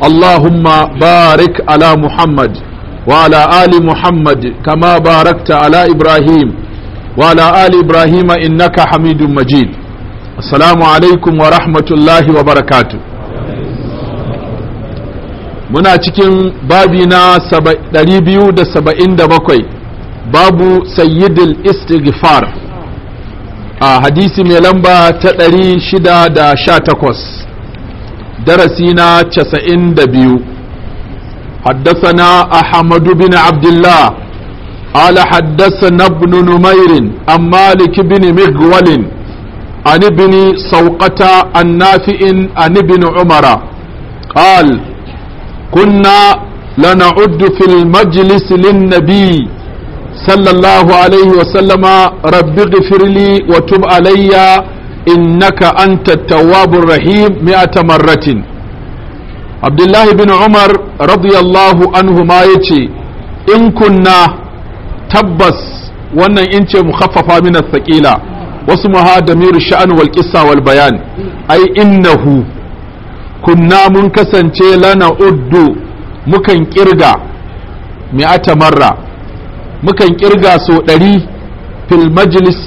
اللهم بارك على محمد وعلى آل محمد كما باركت على إبراهيم وعلى آل إبراهيم إنك حميد مجيد السلام عليكم ورحمة الله وبركاته muna cikin babi na 277 babu sayyidul istighfar a hadisi mai lamba ta 618 darasi na casa'in da biyu حدثنا أحمد بن عبد الله قال حدثنا ابن نمير عن مالك بن مغول عن ابن سوقة عن نافع عن ابن عمر قال كنا لنعد في المجلس للنبي صلى الله عليه وسلم رب اغفر لي وتب عليّ innaka anta tawwabur rahim mi'ata marratin bin Umar radiyallahu anhu ma yace in kunna tabbas wannan in ce mukhaffafa min athqila wasu mahadamiru sha'an wal qissa wal bayan ai innahu kunna mun kasance lana uddu mukan kirga mi'ata marra mukan kirga so ɗari fil majlis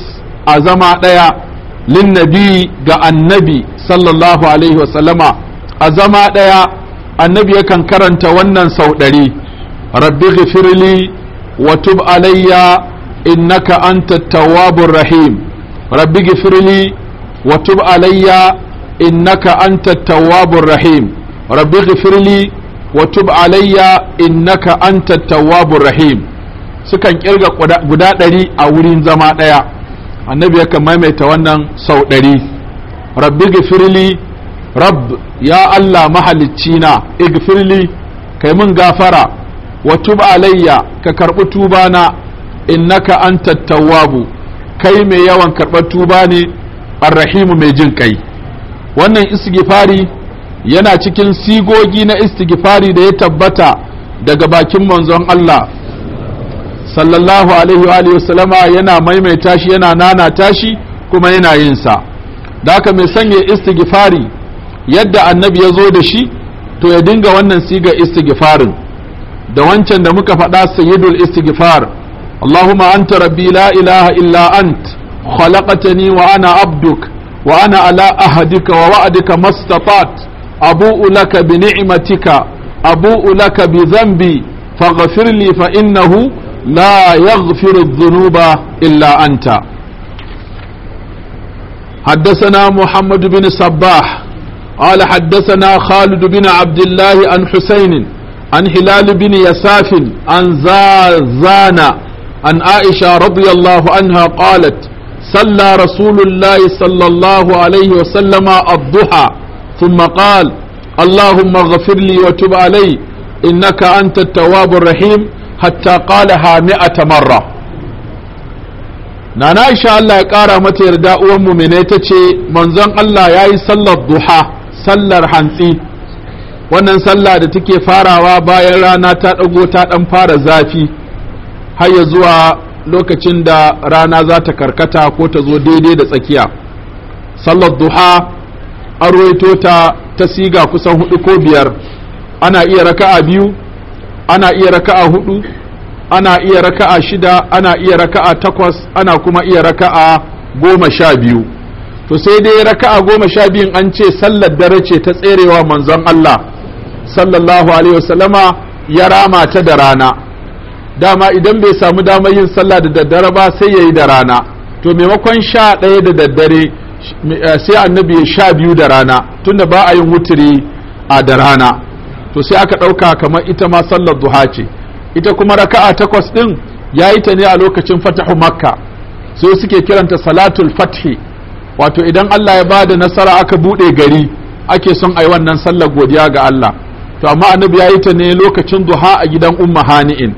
a zama ɗaya linnabi ga annabi sallallahu alaihi wasallama a zama ɗaya annabi yakan karanta wannan sau ɗari rabbi ghifirli wa tub alayya innaka anta tawwabur rahim rabbi ghifirli wa tub alayya innaka anta rahim rabbi ghifirli wa tub alayya innaka anta tawwabur rahim sukan kirga guda ɗari a wurin zama ɗaya annabi yakan maimaita wannan sau ɗari rabbi gifirli rabb ya Allah mahalicci na igfirli kai min gafara wa tub alayya ka karɓi tuba tubana innaka anta tawwabu kai mai yawan karɓar tuba ne arrahimu mai jin kai wannan istighfari yana cikin sigogi na istighfari da ya tabbata daga bakin manzon Allah sallallahu alaihi wa sallama yana maimaita shi yana nana tashi kuma yana yin sa da haka mai sanya istighfari yadda annabi ya zo da shi to ya dinga wannan siga istighfarin da wancan da muka faɗa sayyidul istighfar Allahumma anta rabbi la ilaha illa ant khalaqtani wa ana abduk wa ana ala ahadika wa wa'adika mastata'at abu'u laka bi ni'matika abu'u laka bi dhanbi faghfir li fa innahu لا يغفر الذنوب إلا أنت حدثنا محمد بن صباح قال حدثنا خالد بن عبد الله عن حسين عن هلال بن يساف عن زازان عن عائشة رضي الله عنها قالت صلى رسول الله صلى الله عليه وسلم الضحى ثم قال اللهم اغفر لي وتب علي إنك أنت التواب الرحيم hatta qalaha mi'ata marra nana Aisha Allah ya kara mata yarda uwan mumine ta ce manzon Allah yayi sallar duha sallar hantsi wannan sallah da take farawa bayan rana ta dago ta dan fara zafi har ya zuwa lokacin da rana za ta karkata ko ta zo daidai da tsakiya sallar duha an ta ta siga kusan hudu ko biyar ana iya raka'a biyu ana iya raka'a hudu ana iya raka'a shida ana iya raka'a takwas ana kuma iya raka'a goma sha biyu to sai dai raka'a goma sha biyun an ce sallar dare ce ta tserewa manzon Allah sallallahu alaihi wasallama ya rama ta da rana dama idan bai samu damar yin sallah da daddare ba sai yayi da rana to maimakon sha ɗaya da daddare eh, sai annabi ya sha biyu da rana tunda ba a yin wuturi a da rana to sai aka ɗauka kamar ita ma sallar duha ce ita kuma raka'a takwas ɗin ya yi ta ne a lokacin fatahu makka so suke kiranta salatul fathi wato idan Allah ya ba da nasara aka buɗe gari ake son a yi wannan sallar godiya ga Allah to amma annabi ya yi ta ne lokacin duha a gidan umma hani'in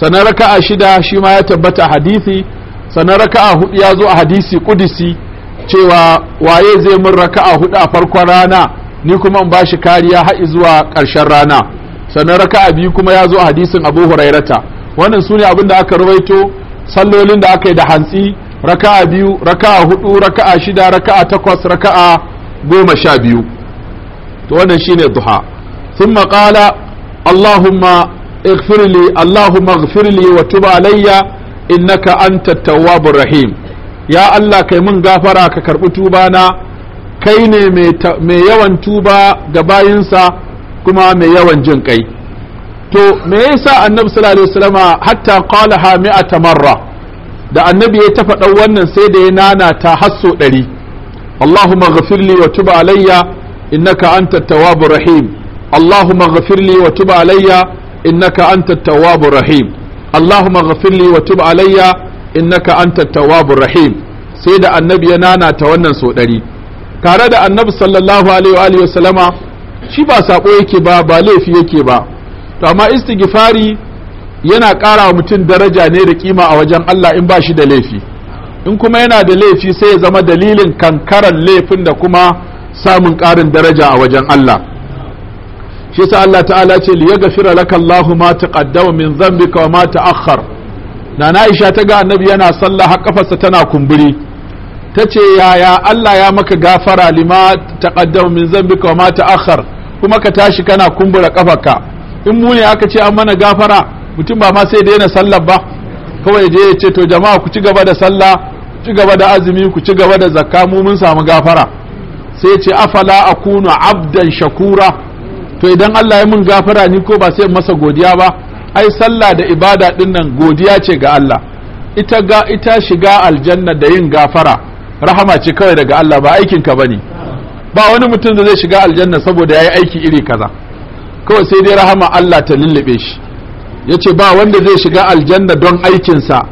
sannan raka'a shida shi ma ya tabbata hadisi sannan raka'a hudu ya zo a hadisi kudisi cewa waye zai min raka'a hudu a farkon rana ni kuma in shi kariya har zuwa ƙarshen rana sannan raka'a biyu kuma ya zo a hadisin Abu Hurairata wannan ne abin da aka rawaito sallolin da aka yi da hantsi raka'a biyu raka'a hudu raka'a shida raka'a takwas raka'a goma sha biyu to wannan shine duha sun maƙala allahumma اغفر لي اللهم اغفر لي وتب علي انك انت Ya Allah يا mun gafara ka غفرا ككرب na. kai ne mai yawan tuba ga bayinsa kuma mai yawan jin kai to me yasa annabi sallallahu alaihi wasallama hatta qalaha mi'ata tamarra da annabi ya tafa dan wannan sai da ya nanata hasso ɗari Allahumma ghafirli wa tub alayya innaka antat tawwabur rahim Allahumma ghafirli wa tub alayya innaka antat tawwabur rahim Allahumma ghafirli wa tub alayya innaka antat tawwabur rahim sai da annabi ya nanata wannan so ɗari tare da annabi sallallahu alaihi wa sallama shi ba sako yake ba ba laifi yake ba to amma istighfari yana ƙara wa mutum daraja ne da kima a wajen Allah in ba shi da laifi in kuma yana da laifi sai ya zama dalilin kankaran laifin da kuma samun ƙarin daraja a wajen Allah shi yasa Allah ta'ala ce li yaghfira laka Allahu ma taqaddama min dhanbika wa ma ta'akhkhar Nana Aisha ta ga annabi yana sallah har kafarsa tana kumburi ta ce yaya Allah ya maka gafara lima taqaddama min zambika wa ma ta'akhkhar kuma ka tashi kana kumbura kafarka in mu ne aka ce an mana gafara mutum ba ma sai daina sallar ba kawai je ya ce to jama'a ku ci gaba da sallah ci gaba da azumi ku ci gaba da zakka mu mun samu gafara sai ce afala akunu abdan shakura to idan Allah ya mun gafara ni ko ba sai in masa godiya ba ai sallah da ibada dinnan godiya ce ga Allah ita ga ita shiga aljanna da yin gafara rahama ce kawai daga Allah ba aikin ka bane ba wani mutum da zai shiga aljanna saboda yayi aiki iri kaza kawai sai dai rahama Allah ta lullube shi yace ba wanda zai shiga aljanna don aikin sa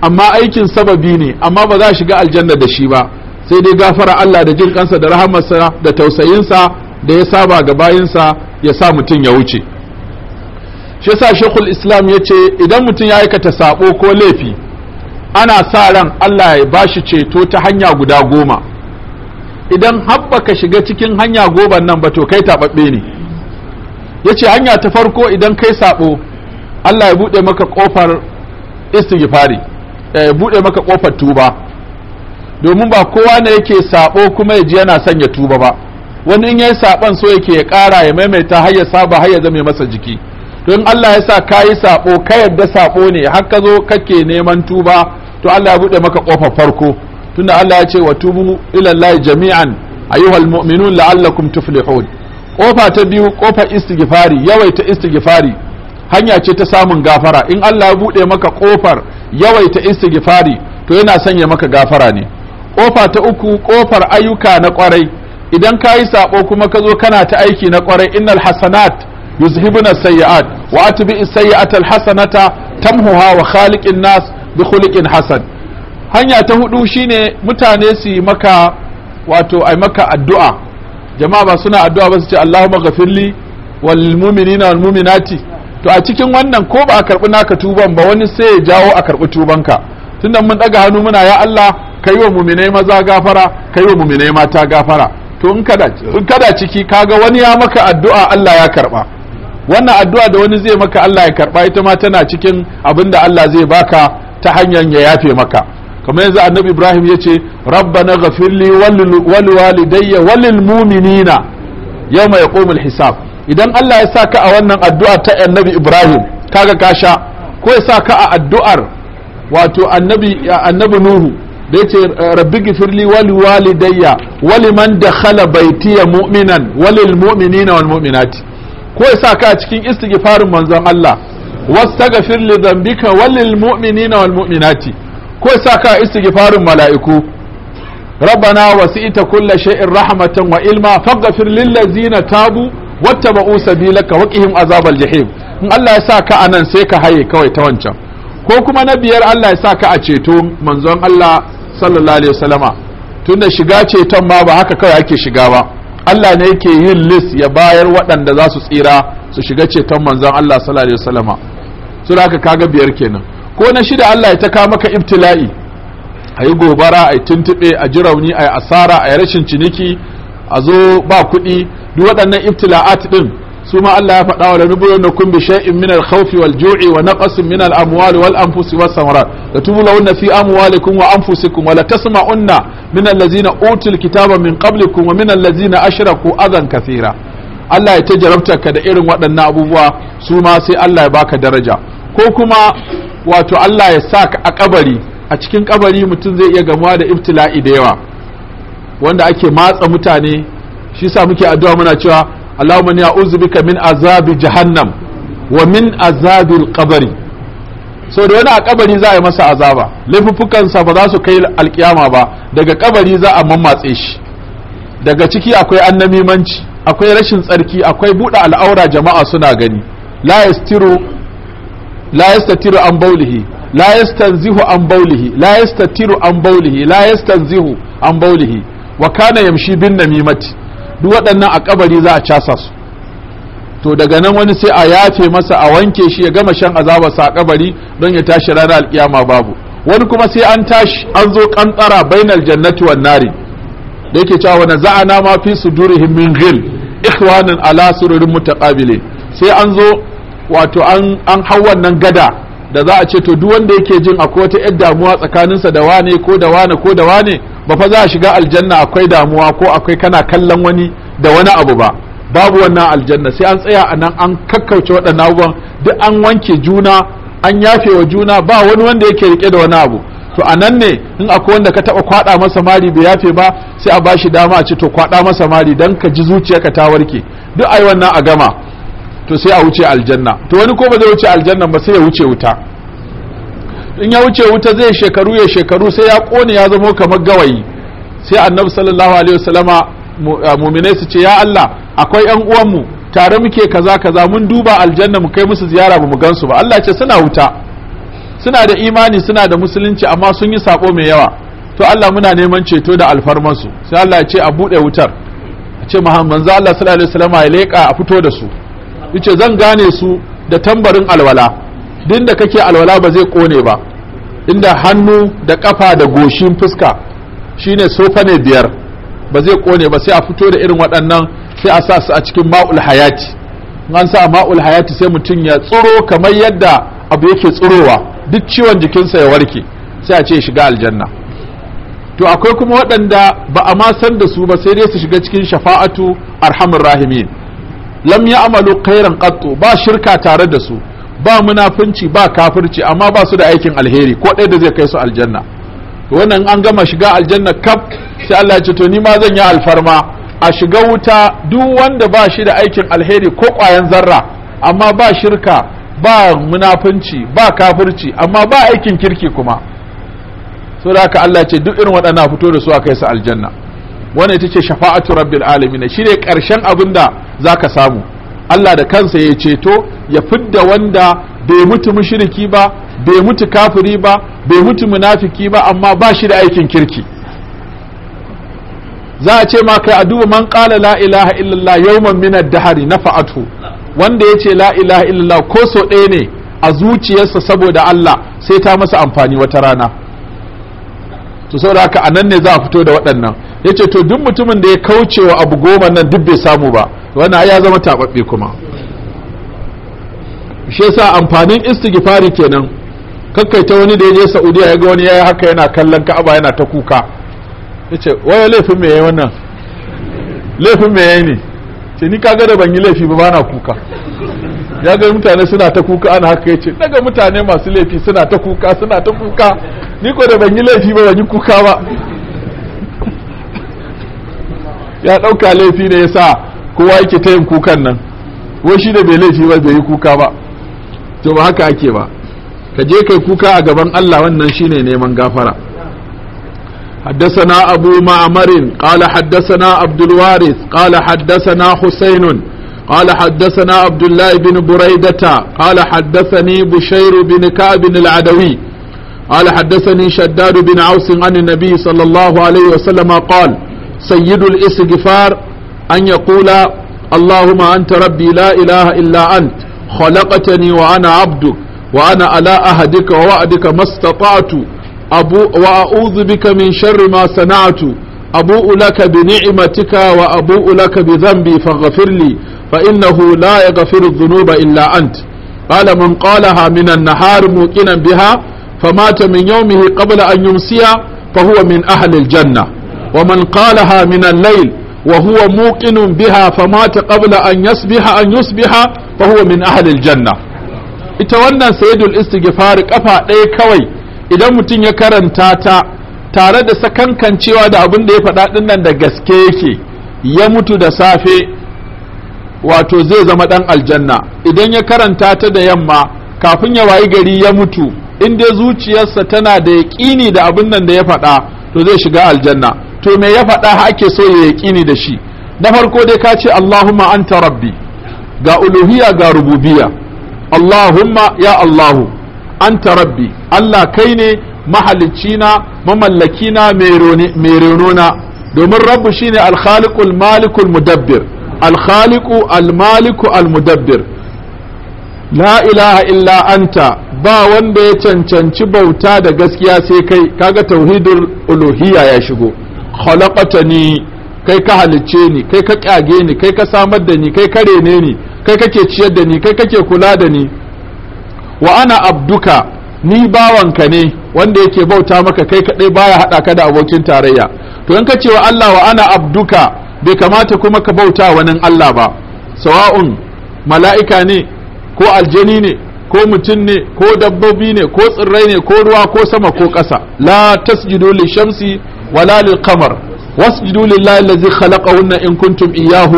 amma aikin sababi ne amma ba za shiga aljanna da shi ba sai dai gafara Allah da jin kansa da rahamarsa da tausayinsa da ya saba ga bayinsa ya sa mutum ya wuce shi yasa shekul islam ya ce idan mutum ya aikata sabo ko laifi ana sa ran Allah ya bashi ceto ta hanya guda goma idan haɓaka shiga cikin hanya goban nan ba to kai taɓaɓɓe ne ya ce hanya ta farko idan kai saɓo Allah ya buɗe maka ƙofar istighfari eh, ya buɗe maka ƙofar tuba domin ba kowa ne yake saɓo kuma ya ji yana son ya tuba ba wani in yayi saɓon so yake ya ƙara ya maimaita har ya saba har ya zama masa jiki to in Allah ya sa ka yi sabo ka yadda saɓo ne har ka zo kake neman tuba to Allah ya bude maka kofar farko tunda Allah ya ce wa tubu ila Allah jami'an ayyuhal mu'minun la'allakum tuflihun Ƙofa ta biyu ƙofa istighfari yawaita istighfari hanya ce ta samun gafara in Allah ya bude maka kofar yawaita istighfari to yana sanya maka gafara ne Ƙofa ta uku ƙofar ayyuka na ƙwarai, idan ka yi sabo kuma ka zo kana ta aiki na kwarai innal hasanat yuzhibuna sayyi'at wa atbi as-sayyi'ata al-hasanata wa khaliqin na bi khuliqin hasan hanya ta hudu shine mutane su yi maka wato maka addu'a jama'a ba suna addu'a ba su ci Allahumma ghafirli wal mu'minina wal to a cikin wannan ko ba a karbi naka tuban ba wani sai ya jawo a karbi tubanka tunda mun daga hannu muna ya Allah kai wa mu'minai maza gafara kai wa mu'minai mata gafara to in kada ciki kaga wani ya maka addu'a Allah ya karɓa. wannan addu'a da wani zai maka Allah ya karba ita ma tana cikin abin da Allah zai baka ta hanyar ya yafe maka kamar yanzu annabi Ibrahim ya ce rabbana ghafirli wal walidayya walil mu'minina yawma yaqumul hisab idan Allah ya saka a wannan addu'a ta annabi Ibrahim kaga kasha ko ya saka a addu'ar wato annabi annabi Nuhu da yace rabbi gifirli wali walidayya wali man dakhala baitiya mu'minan walil mu'minina wal mu'minati ko ya sa a cikin istighfarin manzon Allah wastaghfir li dhanbika walil mu'minina wal mu'minati ko ya sa ka a istighfarin mala'iku ربنا وسئت كل شيء رحمة وإلما فاغفر للذين تابوا واتبعوا سبيلك وقهم عذاب الجحيم in Allah ya sa a nan sai ka haye kawai ta wancan ko kuma na biyar Allah ya sa ka a ceto manzon Allah sallallahu alaihi wasallama tunda shiga ceton ma ba haka kawai ake shiga ba Allah ne yake yin list ya bayar waɗanda za su tsira su shiga ceton manzon Allah sallallahu alaihi wasallama su da aka kaga biyar kenan ko na shida Allah ya ta ka maka ibtila'i ayi gobara ayi yi tuntuɓe a jirauni rauni a asara ayi rashin ciniki a zo ba kuɗi duk waɗannan ibtila'at din. su ma Allah ya faɗa wa lanubluwannakum bi shay'in min al-khawfi wal ju'i wa naqsin min al-amwali wal anfusi was samarat la tublawunna fi amwalikum wa anfusikum wa la tasma'unna min allazina utul kitaba min qablikum wa min allazina ashraku adan kathira Allah ya tajarabta ka da irin waɗannan abubuwa su ma sai Allah ya baka daraja ko kuma wato Allah ya sa ka a kabari a cikin kabari mutum zai iya gamuwa da ibtila'i da yawa wanda ake matsa mutane shi sa muke addu'a muna cewa Allahumma a a'udhu bika min azabi jahannam wa min azabi al so da wani a kabari za a yi masa azaba laifuffukansa ba za su kai alkiyama ba daga kabari za a mammatse shi daga ciki akwai annamimanci akwai rashin tsarki akwai buɗe al'aura jama'a suna gani la la yastatiru an baulihi la yastanzihu an baulihi la yastatiru an baulihi la yastanzihu an baulihi wa kana yamshi bin namimati duk waɗannan a kabari za a casa su to daga nan wani sai a yafe masa a wanke shi ya gama shan azabarsa a kabari don ya tashi ranar alkiyama babu wani kuma sai an tashi an zo kantsara bainal jannati wan nari da yake cewa na za'ana ma fi sudurihim min ghil ikhwanan ala sururin mutaqabile sai an zo wato an an hau wannan gada da za a ce to duk wanda yake jin akwai wata yar damuwa tsakaninsa da wane ko da wane ko da wane ba fa za a shiga aljanna akwai damuwa ko akwai kana kallon wani da wani abu ba babu wannan aljanna sai an tsaya anan an kakkauce waɗannan abubuwan duk an wanke juna an yafe wa juna ba wani wanda yake rike da wani abu to a nan ne in akwai wanda ka taɓa kwaɗa masa mari bai yafe ba sai a bashi dama a ce to kwaɗa masa mari dan ka ji ka ta warke duk ai wannan a gama to sai a wuce aljanna to wani ko ba zai wuce aljanna ba sai ya wuce wuta in ya wuce wuta zai shekaru ya shekaru sai ya kone ya zama kamar gawayi sai annabi sallallahu alaihi wasallama muminai su ce ya Allah akwai yan uwanmu tare muke kaza kaza mun duba aljanna mu kai musu ziyara ba mu gansu ba Allah ce suna wuta suna da imani suna da musulunci amma sun yi sako mai yawa to Allah muna neman ceto da su sai Allah ya ce a bude wutar a ce Muhammad manzo Allah sallallahu alaihi wasallama ya leka a fito da su yace zan gane su da tambarin alwala din da kake alwala ba zai kone ba inda hannu da kafa da goshin fuska shine sofa ne biyar ba zai kone ba sai a fito da irin waɗannan sai a sa su a cikin ma'ul hayati an sa ma'ul hayati sai mutum ya tsiro kamar yadda abu yake tsirowa duk ciwon jikinsa ya warke sai a ce shiga aljanna to akwai kuma waɗanda ba a ma san da su ba sai dai su shiga cikin shafa'atu arhamur rahimin lam amalu khairan qattu ba shirka tare da su ba munafunci ba kafirci amma ba su da aikin alheri ko ɗaya da zai kai su aljanna wannan an gama shiga aljanna kaf sai Allah ya ce to ni ma zan yi alfarma a shiga wuta duk wanda ba shi da aikin alheri ko ƙwayan zarra amma ba shirka ba munafunci ba kafirci amma ba aikin kirki kuma so da haka Allah ce duk irin waɗannan fito da su a kai su aljanna wannan ita ce shafa'atu rabbil alamin shine karshen abin da zaka samu Allah da kansa ya ceto ya fidda wanda bai mutu mushriki ba bai mutu kafiri ba bai mutu munafiki ba amma ba shi da aikin kirki za a ce ma kai a duba man qala la ilaha illallah yawman min ad-dahri nafa'atu wanda yace la ilaha illallah ko so ɗaya ne a zuciyarsa saboda Allah sai ta masa amfani wata rana to saboda haka anan ne za a fito da waɗannan ya ce to duk mutumin da ya kauce wa abu goma nan duk bai samu ba wannan ya zama taɓaɓɓe kuma shi yasa amfanin istighfari kenan kakkaita wani da ya je saudiya ya ga wani ya haka yana kallon ka'aba yana ta kuka ya ce waya laifin me yayi wannan laifin me yayi ne ce ni kaga da ban yi laifi ba bana kuka ya ga mutane suna ta kuka ana haka ya ce daga mutane masu laifi suna ta kuka suna ta kuka ni ko da ban yi laifi ba ban yi kuka ba ya ɗauka laifi ne ya sa kowa yake ta yin kukan nan wai shi da bai laifi ba bai yi kuka ba to ba haka ake ba ka je kai kuka a gaban Allah wannan shine neman gafara حدثنا أبو معمر قال حدثنا عبد الوارث قال حدثنا حسين قال حدثنا عبد الله بن بريدة قال حدثني بشير بن كعب العدوي قال حدثني شداد بن عوس عن النبي صلى الله عليه وسلم قال سيد الاستغفار أن يقول اللهم أنت ربي لا إله إلا أنت خلقتني وأنا عبدك وأنا على أهدك ووعدك ما استطعت أبو وأعوذ بك من شر ما صنعت أبوء لك بنعمتك وأبوء لك بذنبي فاغفر لي فإنه لا يغفر الذنوب إلا أنت قال من قالها من النهار موقنا بها فمات من يومه قبل أن يمسي فهو من أهل الجنة ومن قالها من الليل وهو موقن بها فمات قبل أن يصبح أن يصبح فهو من أهل الجنة ita wannan sayyidul istighfar kafa ɗaya kawai idan mutum ya karanta ta tare da kan cewa da abin da ya faɗa ɗin nan da gaske yake ya mutu da safe wato zai zama ɗan aljanna idan ya karanta ta da yamma kafin ya wayi gari ya mutu in dai zuciyarsa tana da yaƙini da abin nan da ya faɗa to zai shiga aljanna to me ya faɗa ake so ya yaƙini da shi na farko dai ka ce Allahumma anta rabbi ga uluhiya ga rububiya Allahumma ya Allahu anta rabbi Allah kai ne mahalicina mamallakina mai renona domin rabbu shine alkhaliqul malikul mudabbir alkhaliqu almaliku almudabbir la ilaha illa anta ba wanda ya cancanci bauta da gaskiya sai kai kaga tauhidul uluhiyya ya shigo khalaqatani kai ka halicce ni kai ka kyage ni kai ka samar da ni kai ka rene ni kai kake ciyar da ni kai kake kula da ni wa ana abduka ni bawanka ne wanda yake bauta maka kai kadai baya hada ka da abokin tarayya to in ka ce wa Allah wa ana abduka bai kamata kuma ka bauta wani Allah ba sawa'un mala'ika ne ko aljani ne ko mutum ne ko dabbobi ne ko tsirrai ne ko ruwa ko sama ko ƙasa la tasjudu li shamsi ولا للقمر واسجدوا لله الذي خلقهن إن كنتم إياه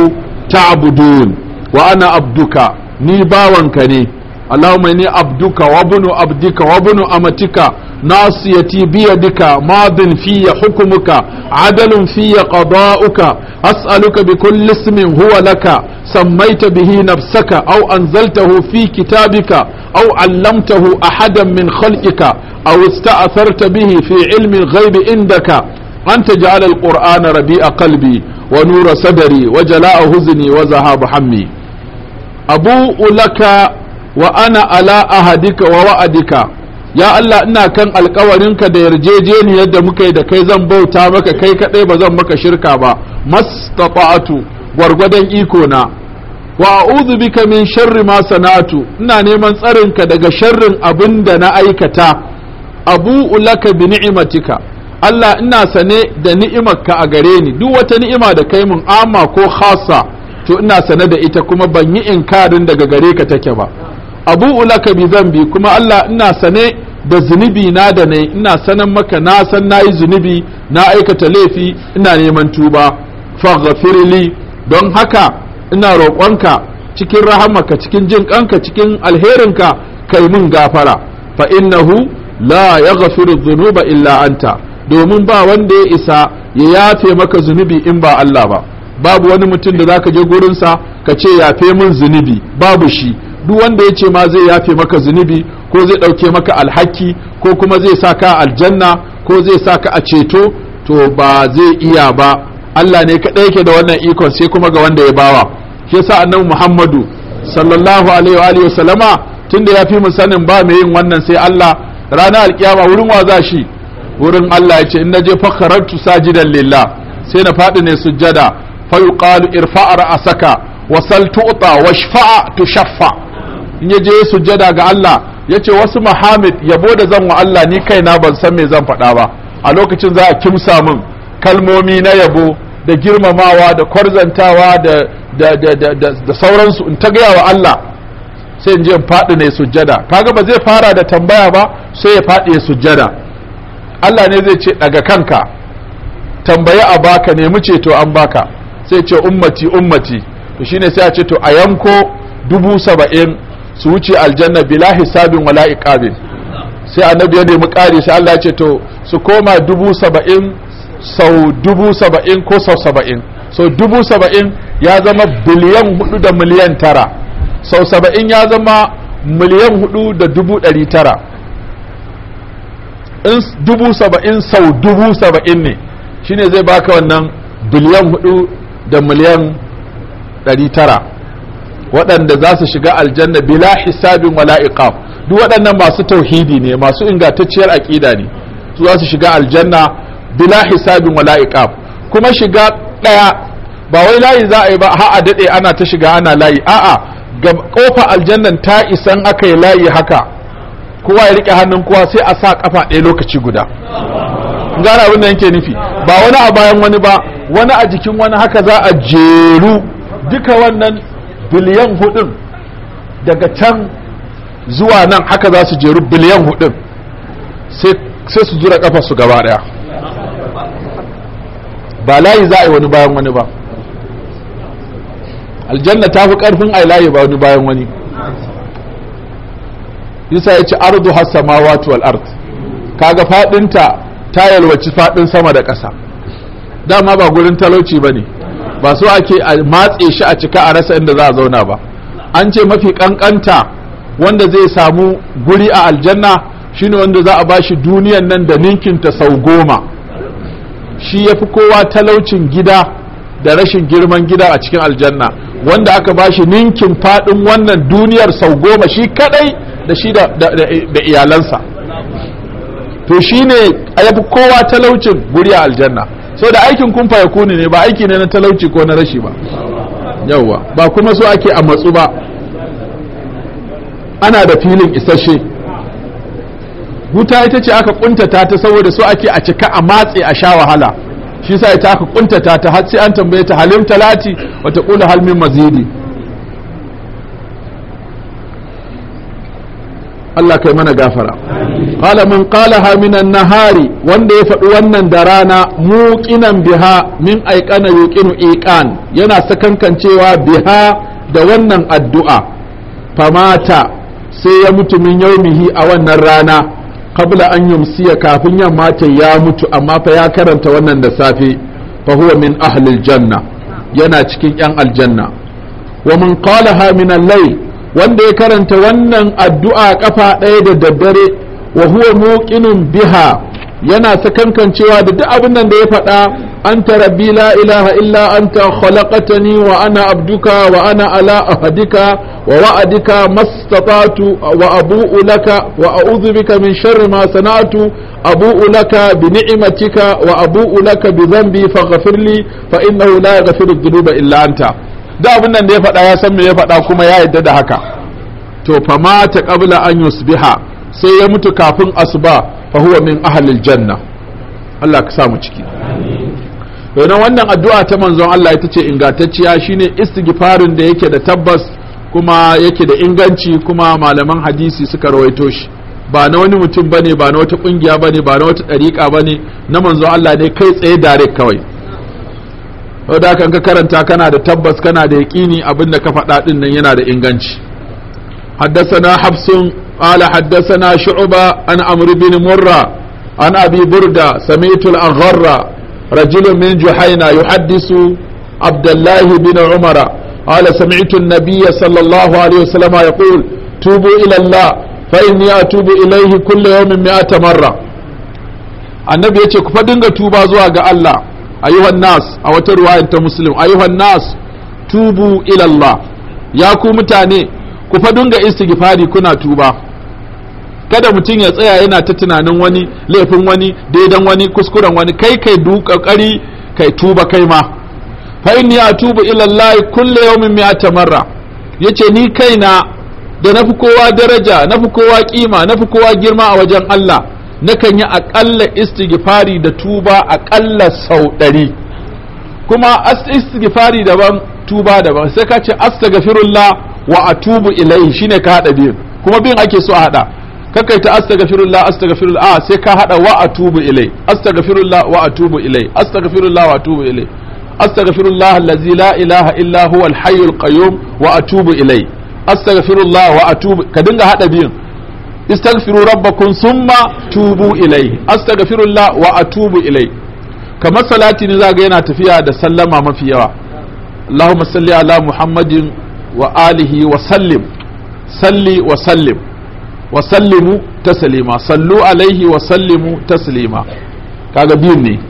تعبدون وأنا عبدك ني باوانك ني اللهم إني عبدك وابن عبدك وابن أمتك ناصيتي بيدك ماض في حكمك عدل في قضاؤك أسألك بكل اسم هو لك سميت به نفسك أو أنزلته في كتابك أو علمته أحدا من خلقك أو استأثرت به في علم الغيب عندك an ta ja'ala alqur'ana rabi'a qalbi wa nura sadri wa jala'a huzni wa zahaba hammi abu ulaka wa ala ahadika wa wa'adika ya Allah ina kan ka da yarjejeniyar da muka yi da kai zan bauta maka kai kaɗai ba zan maka shirka ba mastata'atu gwargwadon iko na wa a'udhu bika min sharri ma sana'atu ina neman tsarin ka daga sharrin abin da na aikata Abu'ulaka ulaka bi ni'matika Allah ina sane da ni'imarka a gare ni duk wata ni'ima da kai mun amma ko khasa to ina sane da ita kuma ban yi inkarin daga gare ka take ba abu ulaka bi zambi kuma Allah ina sane da zunubi na da ne ina sanan maka na san nayi zunubi na aikata laifi ina neman tuba faghfirli don haka ina roƙonka cikin rahamarka cikin jin kanka cikin alherinka kai mun gafara fa innahu la yaghfiru dhunuba illa anta domin ba wanda ya isa ya yafe maka zunubi in ba Allah ba babu wani mutum da zaka je gurinsa ka ce yafe min zunubi babu shi duk wanda ya ce ma zai yafe maka zunubi ko zai ɗauke maka alhaki ko kuma zai sa ka aljanna ko zai sa ka a ceto to ba zai iya ba Allah ne kaɗai yake da wannan ikon sai kuma ga wanda ya bawa shi yasa annabi Muhammadu sallallahu alaihi wa wasallama tunda ya fi mu sanin ba mai yin wannan sai Allah ranar alkiyama wurin wa za shi wurin Allah ya ce in naje fakharatu sajidan lillah sai na faɗi ne sujjada fa yuqalu irfa'a ra'asaka wasal tu'ta washfa'a tushaffa in yaje sujjada ga Allah yace wasu mahamid yabo da zan wa Allah ni kaina ban san me zan faɗa ba a lokacin za a kimsa min kalmomi na yabo da girmamawa da kwarzantawa da da da da da sauransu in ta gaya wa Allah sai in je in faɗi ne sujjada kaga ba zai fara da tambaya ba sai ya faɗi ya sujjada Allah ne zai ce daga kanka tambayi a baka nemi ceto an baka sai ce ummati ummati to shine sai a ce to a yanko dubu saba'in su wuce aljanna bila hisabin wala iqabin sai annabi ya nemi kari sai Allah ce to su koma dubu saba'in sau dubu saba'in ko sau saba'in sau dubu saba'in ya zama biliyan hudu da miliyan tara sau saba'in ya zama miliyan hudu da dubu ɗari tara in dubu saba'in sau dubu saba'in ne shine zai baka wannan biliyan hudu da miliyan ɗari tara waɗanda za su shiga aljanna bila hisabin wala iqab duk waɗannan masu tauhidi ne masu ingantacciyar aƙida ne su za su shiga aljanna bila hisabin wala iqab kuma shiga ɗaya ba wai layi za a yi ba ha a daɗe ana ta shiga ana layi a'a ga ƙofa aljannan ta isan aka yi layi haka kowa ya rike hannun kowa sai a sa kafa ɗaya lokaci guda gane abin da yake nufi ba wani a bayan wani ba wani a jikin wani haka za a jeru duka wannan biliyan hudun daga can zuwa nan haka za su jeru biliyan hudun sai su zura kafa su gaba daya ba layi za a yi wani bayan wani ba aljanna ta fi karfin ai layi ba wani bayan wani yasa ya ci ardu has samawati wal ard kaga fadinta ta yalwaci fadin sama da ƙasa dama ba gurin talauci ba ne. ba so ake a matse shi a cika a rasa inda za a zauna ba an ce mafi ƙanƙanta wanda zai samu guri a aljanna shine wanda za a bashi duniyan nan da ninkinta sau goma shi ya fi kowa talaucin gida da rashin girman gida a cikin aljanna wanda aka bashi ninkin faɗin wannan duniyar sau goma shi kadai da shi da iyalansa to shi ne kowa talaucin guri a aljanna so da aikin kumfa ya kuni ne ba aiki ne na talauci ko na rashi ba yauwa ba kuma so ake a matsu ba ana da filin isasshe wuta ita ce aka kuntata ta saboda so ake a cika a matse a sha wahala shi sa ita aka kuntata ta har sai an tambaye ta halim talati wata kula halmin mazidi Allah kai mana gafara qala man qalaha minan nahari wanda ya faɗi wannan da rana muqinan biha min aiqana yuqinu iqan yana sakankancewa biha da wannan addu'a famata sai ya mutu min yaumihi a wannan rana qabla an yumsiya kafin yamma ta ya mutu amma fa ya karanta wannan da safe fa huwa min ahlil janna yana cikin yan aljanna wa man qalaha min al-layl wanda ya karanta wannan addu'a ƙafa ɗaya da daddare wa huwa muqinun biha yana sakankancewa da duk abin nan da ya faɗa anta rabbi la ilaha illa anta khalaqtani wa ana abduka wa ana ala ahadika wa wa'adika mastata'tu wa abu'u laka wa a'udhu bika min sharri ma sana'tu abu'u laka bi ni'matika wa abu'u laka bi dhanbi faghfir li fa innahu la yaghfiru dhunuba illa anta da abin nan da ya faɗa ya san me ya faɗa kuma ya yadda da haka to fama ta qabla an yusbiha sai ya mutu kafin asuba fa huwa min ahlil janna Allah ka sa mu ciki domin wannan addu'a ta manzon Allah ita ce ingantacciya shine istighfarin da yake da tabbas kuma yake da inganci kuma malaman hadisi suka rawaito shi ba na wani mutum bane ba na wata kungiya bane ba na wata dariƙa bane na manzon Allah ne kai tsaye direct kawai da ka karanta kana da tabbas kana da yaƙini abinda ka faɗa ɗin nan yana da inganci haddasana hafsun ala haddasana shu'uba an amr bin murra an abi burda sami'tu agharra rajulun min juhaina yuhaddisu abdullahi bin umara قال سمعت النبي صلى الله عليه وسلم يقول توبوا إلى الله فإني أتوب إليه كل يوم مئة مرة النبي يقول فدنك توبا ayuhan nas a wata ruwayar ta muslim ayuhan nas tubu ilallah ya ku mutane ku fa dinga istighfari kuna tuba kada mutum ya tsaya yana ta tunanin wani laifin wani daidan wani kuskuren wani kai kai dukakari kai tuba kai ma fa inni atubu ila Allah kullu yawmin mi'ata marra yace ni kaina da nafi kowa daraja nafi kowa kima nafi kowa girma a wajen Allah nakan yi aƙalla istighfari da tuba aƙalla sau ɗari kuma istighfari daban tuba daban sai ka ce astaghfirullah wa atubu ilaihi shine ka hada biyun kuma biyun ake so a hada kakai ta astaghfirullah astaghfirullah sai ka hada wa atubu ilai astaghfirullah wa atubu ilai astaghfirullah wa atubu ilai astaghfirullah allazi la ilaha illa huwa al-hayyul qayyum wa atubu ilai astaghfirullah wa atubu ka dinga hada biyun istaghfiru rabbakum summa tubu ilai astaghfirullah wa atubu ilai kamar salati ne za zaga yana tafiya da sallama mafi yawa Allahumma salli ala Muhammadin wa alihi wa sallim salli wa sallim wa sallimu taslima sallu alaihi wa sallimu taslima kaga biyun ne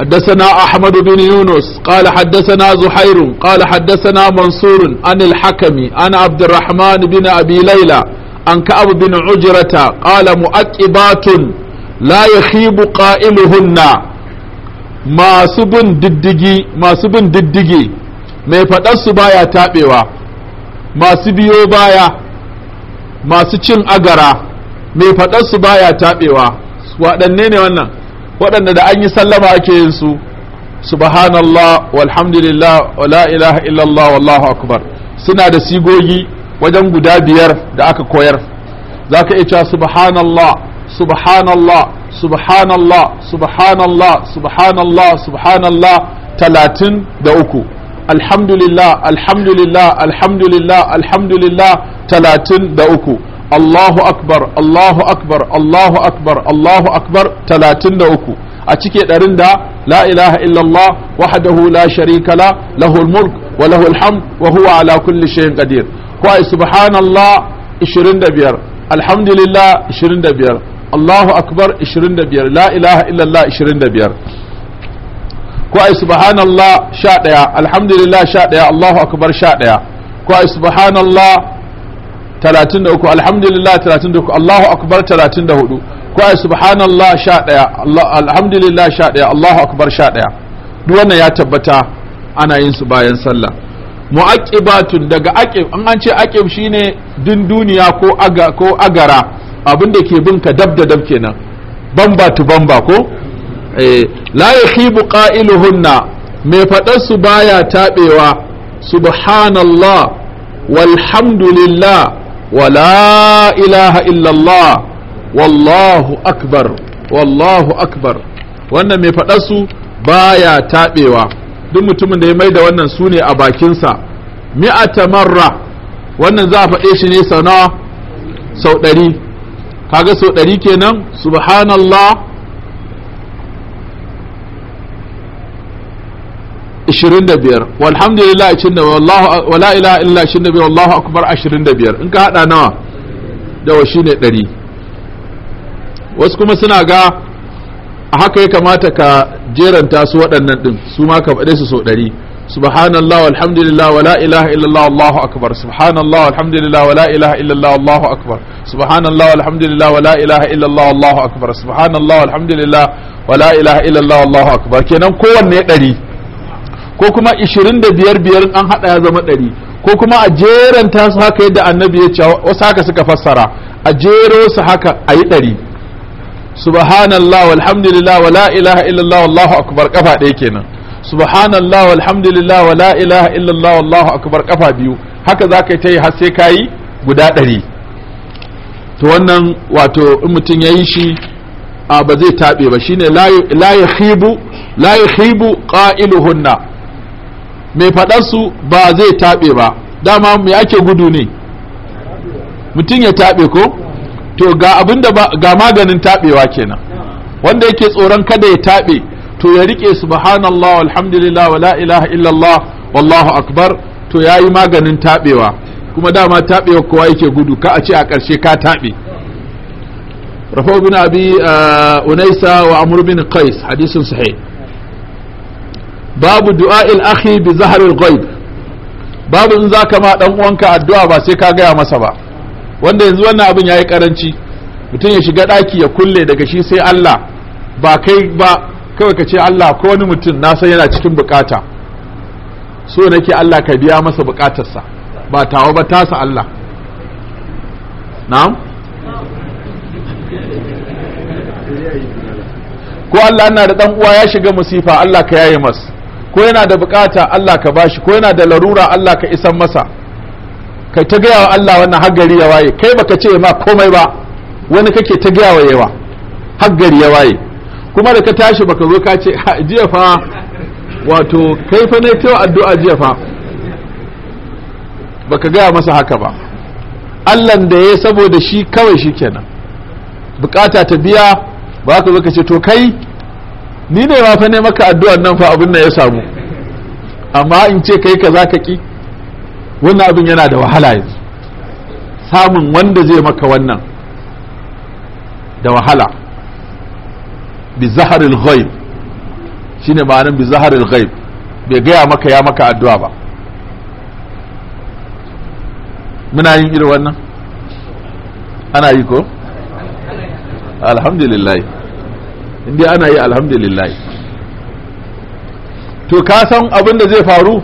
حدثنا أحمد بن يونس قال حدثنا Zuhairu? قال حدثنا منصور عن الحكم عن عبد الرحمن بن أبي ليلى عن كعب بن عجرة قال مؤكبات لا يخيب قائلهن masu bin diddigi masu bin diddigi mai faɗarsu baya taɓewa masu biyo baya masu cin agara mai faɗarsu baya taɓewa waɗanne ne wannan waɗanda da an yi sallama ake yin su subhanallah walhamdulillah wa la ilaha illallah wallahu akbar suna da sigogi wajen guda biyar da aka koyar za ka iya subhanallah subhanallah subhanallah subhanallah subhanallah subhanallah talatin da uku alhamdulillah alhamdulillah alhamdulillah alhamdulillah talatin da uku Allahu akbar Allahu akbar Allahu akbar Allahu akbar uku a cike ɗarin da la ilaha illallah wahdahu la sharika la lahul mulk wa lahul hamd wa huwa ala kulli shay'in qadir ko ay subhanallah 25 alhamdulillah 25 Allahu akbar 25 la ilaha illallah 25 ko ay subhanallah 11 alhamdulillah 11 Allahu akbar 11 ko ay subhanallah 33 alhamdulillah 33 Allahu akbar 34 ko ai subhanallah 11 alhamdulillah 11 Allahu akbar 11 duk wannan ya tabbata ana yin su bayan sallah mu'aqibatun daga aqib an an ce aqib shine dunduniya ko aga ko agara abin da ke bin ka dab da dab kenan bamba tu bamba ko eh la yakhibu qailuhunna mai fadar su baya tabewa subhanallah walhamdulillah ولا إله illallah. الله akbar أكبر akbar. wannan mai su baya taɓewa duk mutumin da ya mai da wannan su ne a bakinsa mi'ata marra wannan za a faɗe shi ne sau sau ɗari kaga sau ɗari kenan subhanallah 25 walhamdulillah 25 wallahu wala ilaha illa 25 wallahu akbar biyar in ka hada nawa yawa shine ɗari wasu kuma suna ga a haka ya kamata ka jeranta su waɗannan ɗin su ma ka faɗe su so ɗari subhanallah walhamdulillah wala ilaha illallah allahu akbar subhanallah walhamdulillah wala ilaha illallah wallahu akbar subhanallah walhamdulillah wala ilaha illallah wallahu akbar subhanallah walhamdulillah wala ilaha illallah wallahu akbar kenan kowanne ɗari. ko kuma ishirin da biyar biyar an hada ya zama ɗari ko kuma a jeranta su haka yadda annabi ya ce wasu haka suka fassara a jero su haka a yi ɗari. subhanallah walhamdulillah wala ilaha illallah wallahu akbar kafa ɗaya kenan subhanallah walhamdulillah wala ilaha illallah wallahu akbar kafa biyu haka za ka ta yi har sai ka yi guda ɗari to wannan wato in mutum ya yi shi ba zai taɓe ba shine la ya khibu la ya khibu mai faɗarsu ba zai taɓe ba dama mai ake gudu ne mutum ya taɓe ko to ga da ga maganin taɓewa kenan wanda yake tsoron kada ya taɓe to ya riƙe subhanallah alhamdulillah wala ilaha illallah wallahu akbar to ya yi maganin taɓewa kuma dama taɓewa kowa yake gudu ka a ce a ƙarshe ka taɓe rafa bin abi eh, unaisa wa amr bin qais hadisin sahih babu du'a'il akhi bi zaharil ghaib babu in zaka ma dan uwanka addu'a ba sai ka gaya masa ba wanda yanzu wannan abin yayi karanci mutum ya shiga daki ya kulle daga shi sai Allah ba kai ba kawai ka ce Allah ko wani mutum na san yana cikin bukata so nake Allah ka biya masa bukatarsa ba tawo ba tasa Allah na'am ko Allah na da dan uwa ya shiga musifa Allah ka yaye masa ko yana da bukata Allah ka bashi ko yana da larura Allah ka isan masa kai ta gaya wa Allah wannan haggari ya waye kai baka ce ma komai ba wani kake ta gaya wa yawa haggari ya waye kuma da ka tashi baka zo ka ce jiya fa wato kai fa ne ta addu'a jiya fa baka gaya masa haka ba Allah da ya saboda shi kawai shi kenan bukata ta biya ba ka zo ka ce to kai ni ne ma fa ne maka addu'an nan fa abin nan ya samu amma in ce kai kaza ka ki wannan abin yana da wahala yanzu samun wanda zai maka wannan da wahala bi zaharil ghaib shine ma'anar bi zaharil ghaib bai gaya maka ya maka addu'a ba muna yin irin wannan ana yi ko alhamdulillah inda ana yi alhamdulillah to ka san abin da zai faru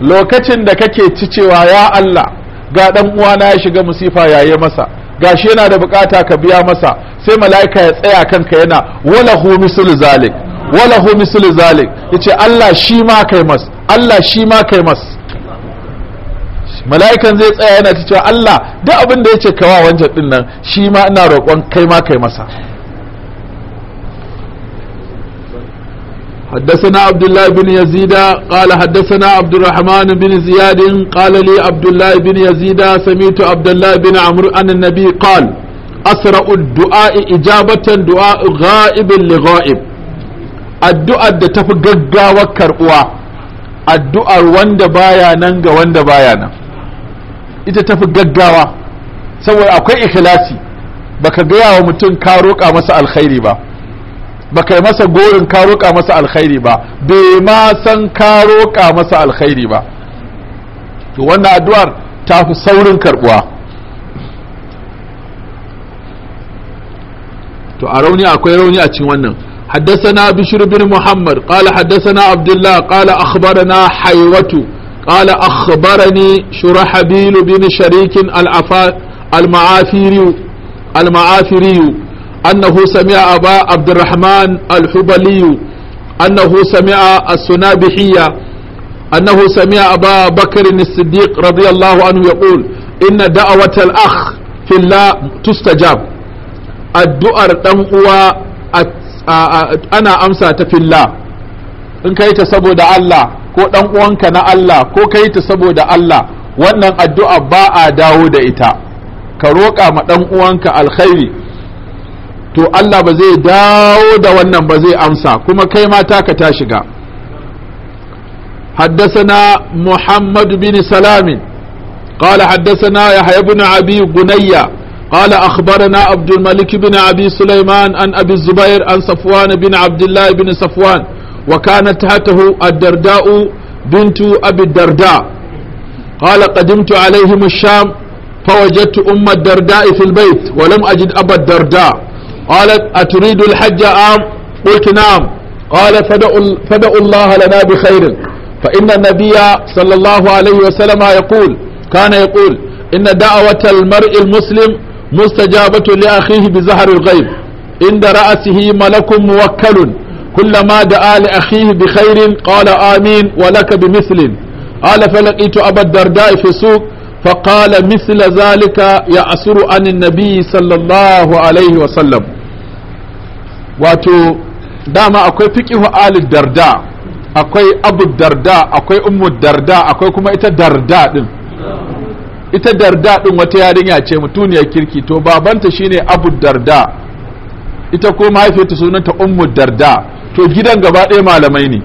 lokacin da kake ci cewa ya Allah ga dan uwana ya shiga musifa yaye masa gashi yana da bukata ka biya masa sai mala'ika ya tsaya kanka yana wala hu mislu zalik wala hu mislu zalik yace Allah shi ma kai mas Allah shi ma kai mas mala'ikan zai tsaya yana cewa Allah duk abin da yace kawa wancan din nan shi ma ina roƙon kai ma kai masa حدثنا عبد الله بن يزيد قال حدثنا عبد الرحمن بن زياد قال لي عبد الله بن يزيد سمعت عبد الله بن عمرو أن النبي قال أسرع الدعاء إجابة دعاء غائب لغائب الدعاء تفقق وكرؤوا addu'ar wanda baya nan ga wanda baya nan ita tafi gaggawa saboda akwai ikhlasi baka gaya wa mutum ka roƙa masa alkhairi ba ba kai masa gorin ka roƙa masa alkhairi ba bai ma san ka roƙa masa alkhairi ba to wannan addu'ar ta fi saurin karbuwa to a rauni akwai rauni a cikin wannan حدثنا بشر بن محمد قال حدثنا عبد الله قال أخبرنا حيوة قال أخبرني شرحبيل بن شريك المعافري المعافري أنه سمع أبا عبد الرحمن الحبلي أنه سمع السنابحية أنه سمع أبا بكر الصديق رضي الله عنه يقول إن دعوة الأخ في الله تستجاب الدؤر تنقوى أنا أمسى في الله إن كيت سبو الله ko ɗan uwanka na Allah ko ka yi ta saboda Allah wannan addu'a ba a dawo da ita ka roƙa ma ɗan uwanka alkhairi to Allah ba zai dawo da wannan ba zai amsa kuma kai ma taka ta shiga حدثنا محمد بن سلام قال حدثنا يحيى بن أبي بنية قال أخبرنا عبد الملك بن أبي سليمان عن أبي الزبير عن صفوان بن عبد الله بن صفوان وكانت تحته الدرداء بنت أبي الدرداء قال قدمت عليهم الشام فوجدت أم الدرداء في البيت ولم أجد أبا الدرداء قالت أتريد الحج أم قلت نعم قال فدعوا, الله لنا بخير فإن النبي صلى الله عليه وسلم يقول كان يقول إن دعوة المرء المسلم مستجابة لأخيه بزهر الغيب عند رأسه ملك موكل كلما دعا لأخيه بخير قال آمين ولك بمثل قال فلقيت أبا الدرداء في السوق فقال مثل ذلك يعسر عن النبي صلى الله عليه وسلم wato dama akwai fiƙihu alid darda akwai abu darda akwai ummu darda akwai kuma ita darda din ita darda din wata yarinya ce mutuniyar kirki to babanta shine abu darda ita ko mahaifiyarta sunanta ummu darda to gidan gaba ɗaya malamai ne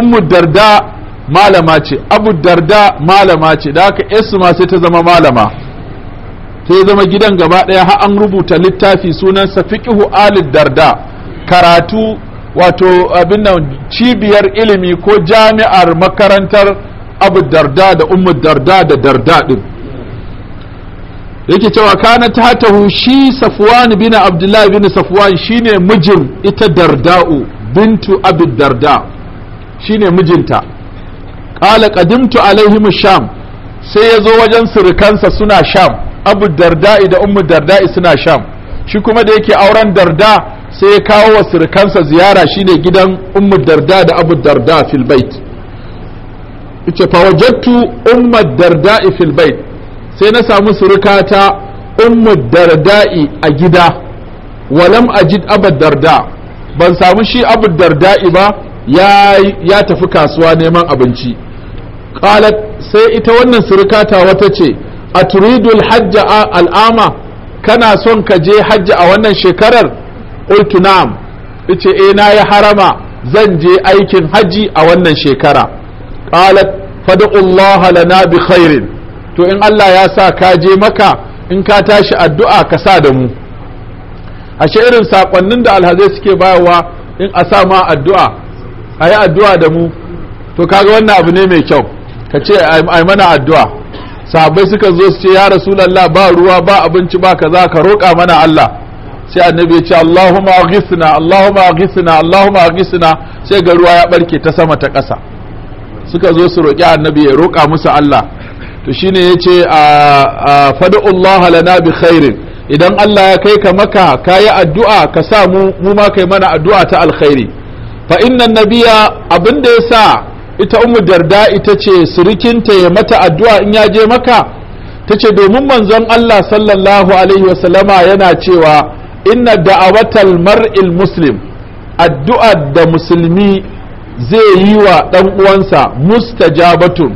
ummu darda malama ce abu darda malama ce da haka yasu ma sai ta zama malama sai zama gidan gaba ɗaya har an rubuta littafi sunansa fiqihu alid darda karatu wato abin nan cibiyar ilimi ko jami'ar makarantar abu darda da umu darda da darda din yake cewa kana tahtahu shi safuwan bin Abdullahi bin safwan shine mijin ita darda'u bintu abu darda shine mijinta Kala kadimtu alaihim sham sai yazo wajen surukansa suna sham abu darda'i da umu darda'i suna sham shi kuma da yake auren darda sai ya kawo wa sirkansa ziyara shine gidan ummu darda da abu darda fil bait yace fa wajadtu ummu darda fil bait sai na samu surukata ummu darda'i a gida walam ajid abu darda ban samu shi abu darda'i ba ya ya tafi kasuwa neman abinci qalat sai ita wannan surukata wata ce aturidul hajja al'ama kana son ka je hajji a wannan shekarar qultu na'am yace eh na ya harama zan je aikin haji a wannan shekara qalat fad'u Allah lana bi khairin to in Allah ya sa ka je maka in ka tashi addu'a ka sa da mu ashe irin sakonnin da alhazai suke bayarwa in a sa ma addu'a a addu'a da mu to kaga wannan abu ne mai kyau ka ce ai mana addu'a sahabbai suka zo su ce ya rasulullah ba ruwa ba abinci ba kaza ka roƙa mana Allah sai annabi ya ce Allahumma aghithna Allahumma aghithna Allahumma aghithna sai ga ruwa ya barke ta sama ta ƙasa suka zo su roƙi annabi ya roƙa musu Allah to shine yace a fad'ullah lana bi khairin idan Allah ya kai ka maka kayi addu'a ka sa mu mu ma kai mana addu'a ta alkhairi fa inna nabiya abinda yasa ita ummu darda ita ce sirikinta ya mata addu'a in ya je maka tace domin manzon Allah sallallahu alaihi wasallama yana cewa inna da'awatal mar'il muslim addu'ar da musulmi zai yi wa dan uwansa mustajabatun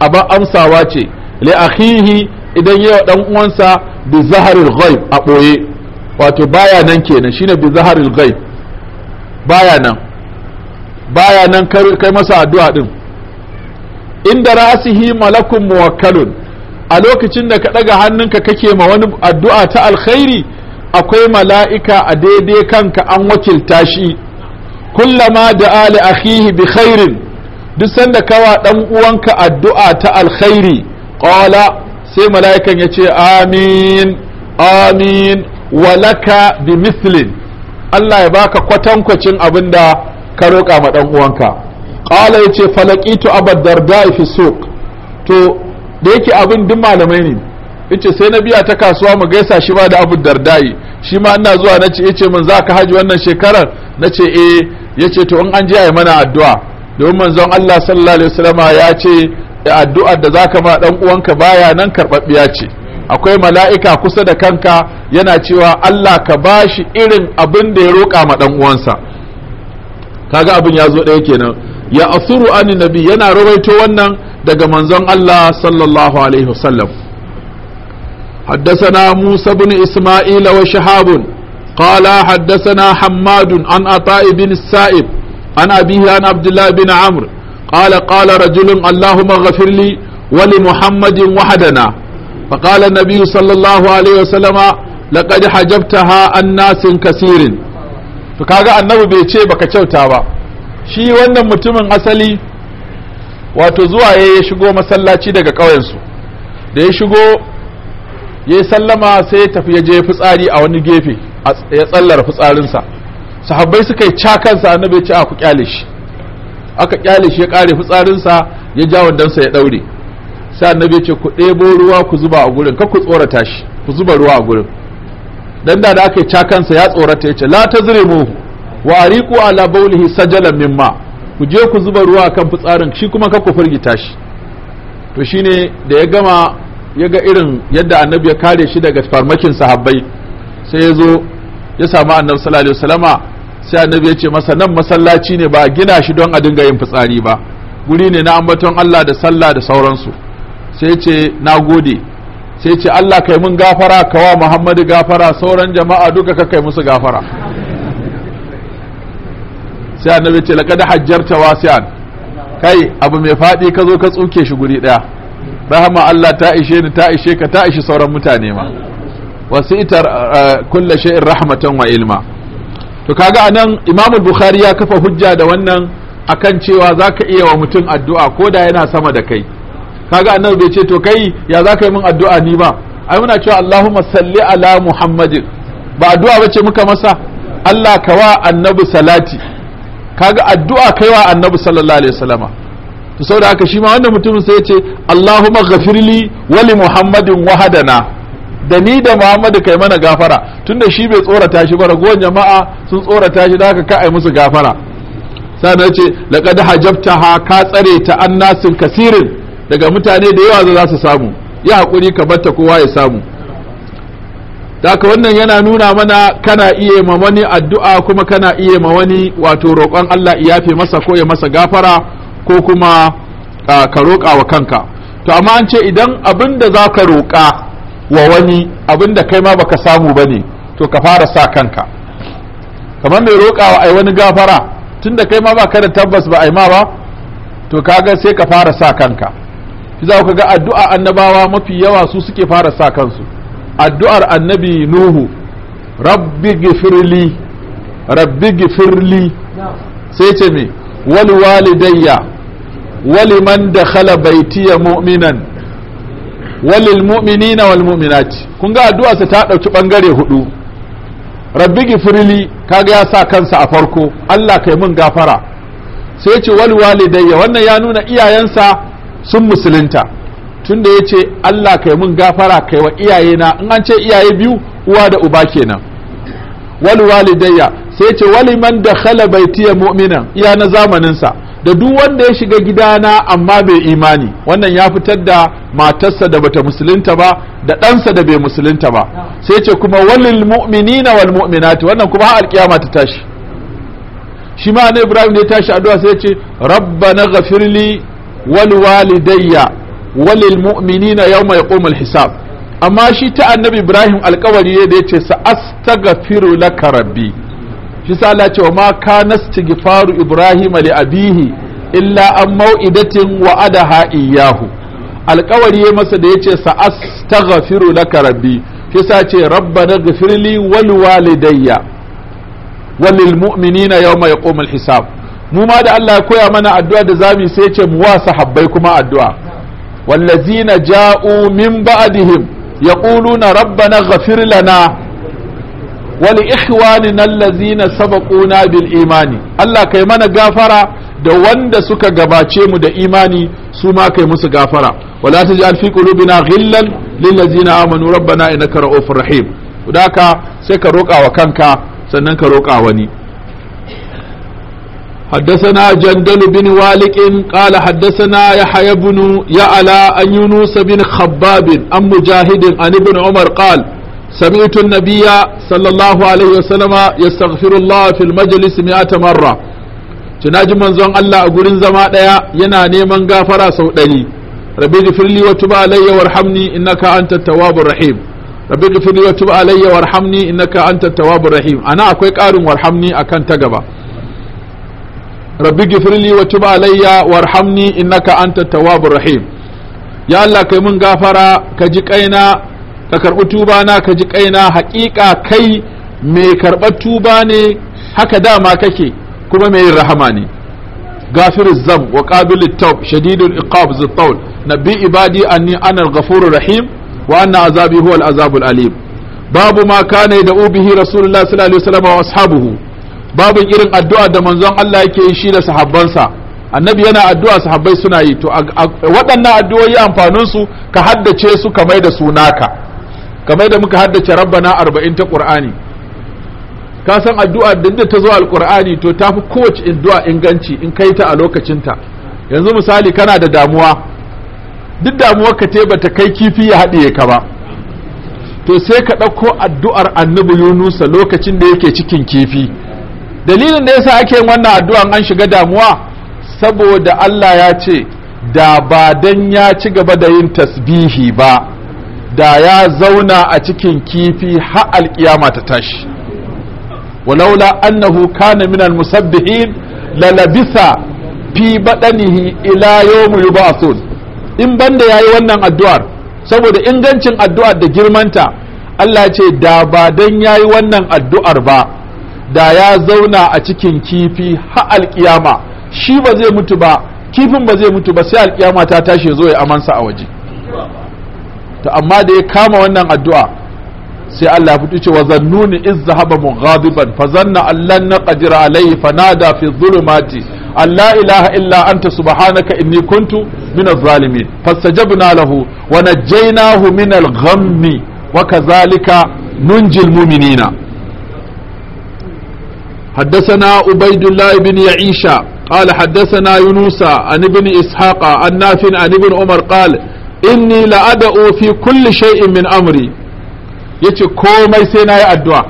abin amsawa ce li akhihi idan wa dan uwansa bi zaharil ghaib a ɓoye wato baya nan kenan shine bi zaharil ghaib baya nan baya nan kai masa addu'a din inda rasihi malakun muwakkalun a lokacin da ka ɗaga hannunka kake ma wani addu'a ta alkhairi akwai mala'ika a daidai kanka an wakilta shi kullama da ali akhihi bi khairin duk sanda kawa dan uwanka addu'a ta alkhairi qala sai mala'ikan ya ce amin amin walaka bi mislin Allah ya baka kwatankwacin abin da ka roƙa ma dan uwanka qala ya ce falaqitu abad darda fi suq to da yake abin duk malamai ne yace sai na biya ta kasuwa mu gaisa shi ba da Abu dardayi shi ma ina zuwa nace yace mun zaka haji wannan shekarar nace eh yace to in an je ayi mana addu'a domin manzon Allah sallallahu alaihi wasallama ya ce addu'ar da zaka ma dan uwanka baya nan karbabbiya ce akwai mala'ika kusa da kanka yana cewa Allah ka bashi irin abin da ya roƙa ma dan uwansa kaga abin ya zo ɗaya kenan ya asuru an nabi yana rawaito wannan daga manzon Allah sallallahu alaihi wasallam حدثنا موسى بن إسماعيل وشهاب قال حدثنا حماد عن عطاء بن السائب عن أبيه عن عبد الله بن عمرو قال قال رجل اللهم اغفر لي ولمحمد وحدنا فقال النبي صلى الله عليه وسلم لقد حجبتها عن ناس كثير فكاga annabi bai ce baka kyauta ba shi wannan mutumin asali wato zuwa ya shigo masallaci daga ƙauyensu da ya shigo yayi sallama sai ya tafi ya je fitsari a wani gefe ya tsallara fitsarinsa sahabbai suka yi cakansa annabi ya ce a ku kyale shi aka kyale shi ya kare fitsarinsa ya ja wandansa ya daure sai annabi ya ce ku ɗebo ruwa ku zuba a gurin kar ku tsorata shi ku zuba ruwa a gurin dan da aka yi cakansa ya tsorata ya ce la tazrimu wa ariqu ala bawlihi sajalan mimma ku je ku zuba ruwa kan fitsarin shi kuma kar ku firgita shi to shine da ya gama ya ga irin yadda annabi ya kare shi daga farmakin sahabbai sai ya zo ya samu annabi sallallahu alaihi wasallama sai annabi ya ce masa nan masallaci ne ba gina shi don a dinga yin fitsari ba guri ne na ambaton Allah da sallah da sauransu sai ya ce na gode sai ce Allah kai mun gafara kawa Muhammadu gafara sauran jama'a duka ka kai musu gafara sai annabi ya ce laqad hajjarta wasi'an kai abu mai faɗi ka zo ka tsuke shi guri ɗaya rahama Allah ta ishe ni ta ishe ka ta ishe sauran mutane ma wasu ita eh, kulla shay'in rahmatan wa ilma to kaga anan Imam Bukhari ya kafa hujja da wannan akan cewa zaka iya wa mutum addu'a ko da yana sama da kai kaga anan bai ce to kai ya zaka yi min addu'a ni ba ai muna cewa Allahumma salli ala Muhammadin ba addu'a ce muka masa Allah kawa annabi salati kaga addu'a kai wa annabi sallallahu alaihi wasallama to saboda haka shi ma wannan mutumin sai ya ce Allahumma ghafirli wali Muhammadin wahadana da ni da Muhammadu kai mana gafara tunda shi bai tsorata shi ba ragowar jama'a sun tsorata shi da haka ka ai musu gafara sannan ce laqad ha, ka tsare ta annasin kasirin daga mutane da yawa za su samu ya hakuri ka batta kowa ya samu haka wannan yana nuna mana kana iya ma wani addu'a kuma kana iya ma wani wato roƙon Allah iyafe masa ko ya masa gafara ko kuma ka roƙa wa kanka to amma an ce idan abin da za ka roƙa wa wani abin da kai ma baka samu ba ne to ka fara sa kanka kamar mai roƙawa ai wani gafara tunda kai ma ba ka da tabbas ba ai ma ba to kaga sai ka fara sa kanka za ka ga addu'a annabawa mafi yawa su suke fara sa kansu addu'ar annabi nuhu rabbi gifirli rabbi gifirli sai ce me wal walidayya waliman da khala baitiya mu'minan walil na wal mu'minat kun ga addu'a sa ta ɗauki bangare hudu rabbi gifirli kaga ya sa kansa a farko Allah kai mun gafara sai ya ce wali walidayya wannan ya nuna iyayensa sun musulunta tunda ya ce Allah kai mun gafara kai wa iyayena in an ce iyaye biyu uwa da uba kenan wali walidayya sai ce waliman da khala baitiya mu'minan iya na zamaninsa da duk wanda ya shiga gidana amma bai imani wannan ya fitar da matarsa da bata musulunta ba da ɗansa da bai musulunta ba sai ce kuma walil mu'minina wal mu'minati wannan kuma har alkiyama ta tashi shi ma ne ibrahim ne tashi addu'a sai ce rabbana ghafirli wal walidayya walil mu'minina mai yaqumul hisab amma shi ta annabi ibrahim alkawari ne da yace sa astaghfiru laka rabbi shi sa Allah cewa ma kana istighfaru Ibrahim li abihi illa an mau'idatin wa'adaha iyyahu alƙawari ya masa da yace sa astaghfiru laka rabbi shi sa ce rabbana ghfirli wal walidayya walil mu'minina yawma yaqumul hisab mu ma da Allah ya koya mana addu'a da zamu sai ce mu wa sahabbai kuma addu'a wallazina ja'u min ba'dihim yaquluna rabbana ghfir lana wali ikhwanina allazina sabaquna bil imani Allah kai mana gafara da wanda suka gabace mu da imani su ma kai musu gafara wala taj'al fi qulubina ghillan lil ladzina amanu rabbana innaka ra'ufur rahim daka sai ka roƙa wa kanka sannan ka roƙa wani حدثنا جندل بن والق قال حدثنا يحيى بن يعلى عن يونس بن خباب عن مجاهد عن ابن عمر قال سمعت النبي صلى الله عليه وسلم يستغفر الله في المجلس مئة مرة تناجي منزون الله أقول زما ديا ينا نيمن غافرا سو دلي ربي اغفر لي وتب علي وارحمني إنك أنت التواب الرحيم ربي اغفر لي وتب علي وارحمني إنك أنت التواب الرحيم أنا أكوي قارن وارحمني أكن تقبا ربي اغفر لي وتب علي وارحمني إنك أنت التواب الرحيم يا الله كي من غافرا كجي قينا ka karɓi tuba na ka ji ƙaina haƙiƙa kai mai karɓar tuba ne haka dama kake kuma mai rahama ne gafiru zam wa qabilu tawb shadidul iqab zu tawl nabi ibadi anni ana al rahim wa anna azabi huwa babu maka kana da ubihi rasulullah sallallahu alaihi wasallam wa ashabuhu babu irin addu'a da manzon Allah yake yi shi da sahabbansa annabi yana addu'a sahabbai suna yi to waɗannan addu'o'i amfanin su ka haddace su ka mai da sunaka naka kamar da muka haddace rabbana arba'in ta qur'ani ka san addu'a da ta zo alqur'ani to ta fi kowace addu'a inganci in kai ta a lokacinta yanzu misali kana da damuwa duk damuwar ka te bata kai kifi ya haɗiye ka ba to sai ka ɗauko addu'ar annabi yunusa lokacin da yake cikin kifi dalilin da yasa ake wannan addu'ar an shiga damuwa saboda Allah ya ce da ba dan ya ci gaba da yin tasbihi ba da ya zauna a cikin kifi ha alkiyama ta tashi walaula annahu kana minal musabbihin lalabisa fi badanihi ila yawmi yub'athun in banda yayi wannan addu'ar saboda ingancin addu'ar da girmanta Allah ya ce da ba dan yayi wannan addu'ar ba da ya zauna a cikin kifi ha alkiyama shi ba zai mutu ba kifin ba zai mutu ba sai alƙiyama ta tashi zo ya amansa a waje to amma da ya kama wannan addu'a sai Allah ya fito cewa zannuni iz zahaba mughadiban fa zanna allan naqdir alayhi fanada fi dhulumati alla ilaha illa anta subhanaka inni kuntu min adh-dhalimin fastajabna lahu wa najjaynahu min al-ghammi wa kadhalika nunji al-mu'minina حدثنا عبيد الله بن يعيشة قال حدثنا يونس عن ابن إسحاق عن نافع عن ابن عمر قال inni la'ada'u fi kulli shay'in min amri yace komai sai nayi addu'a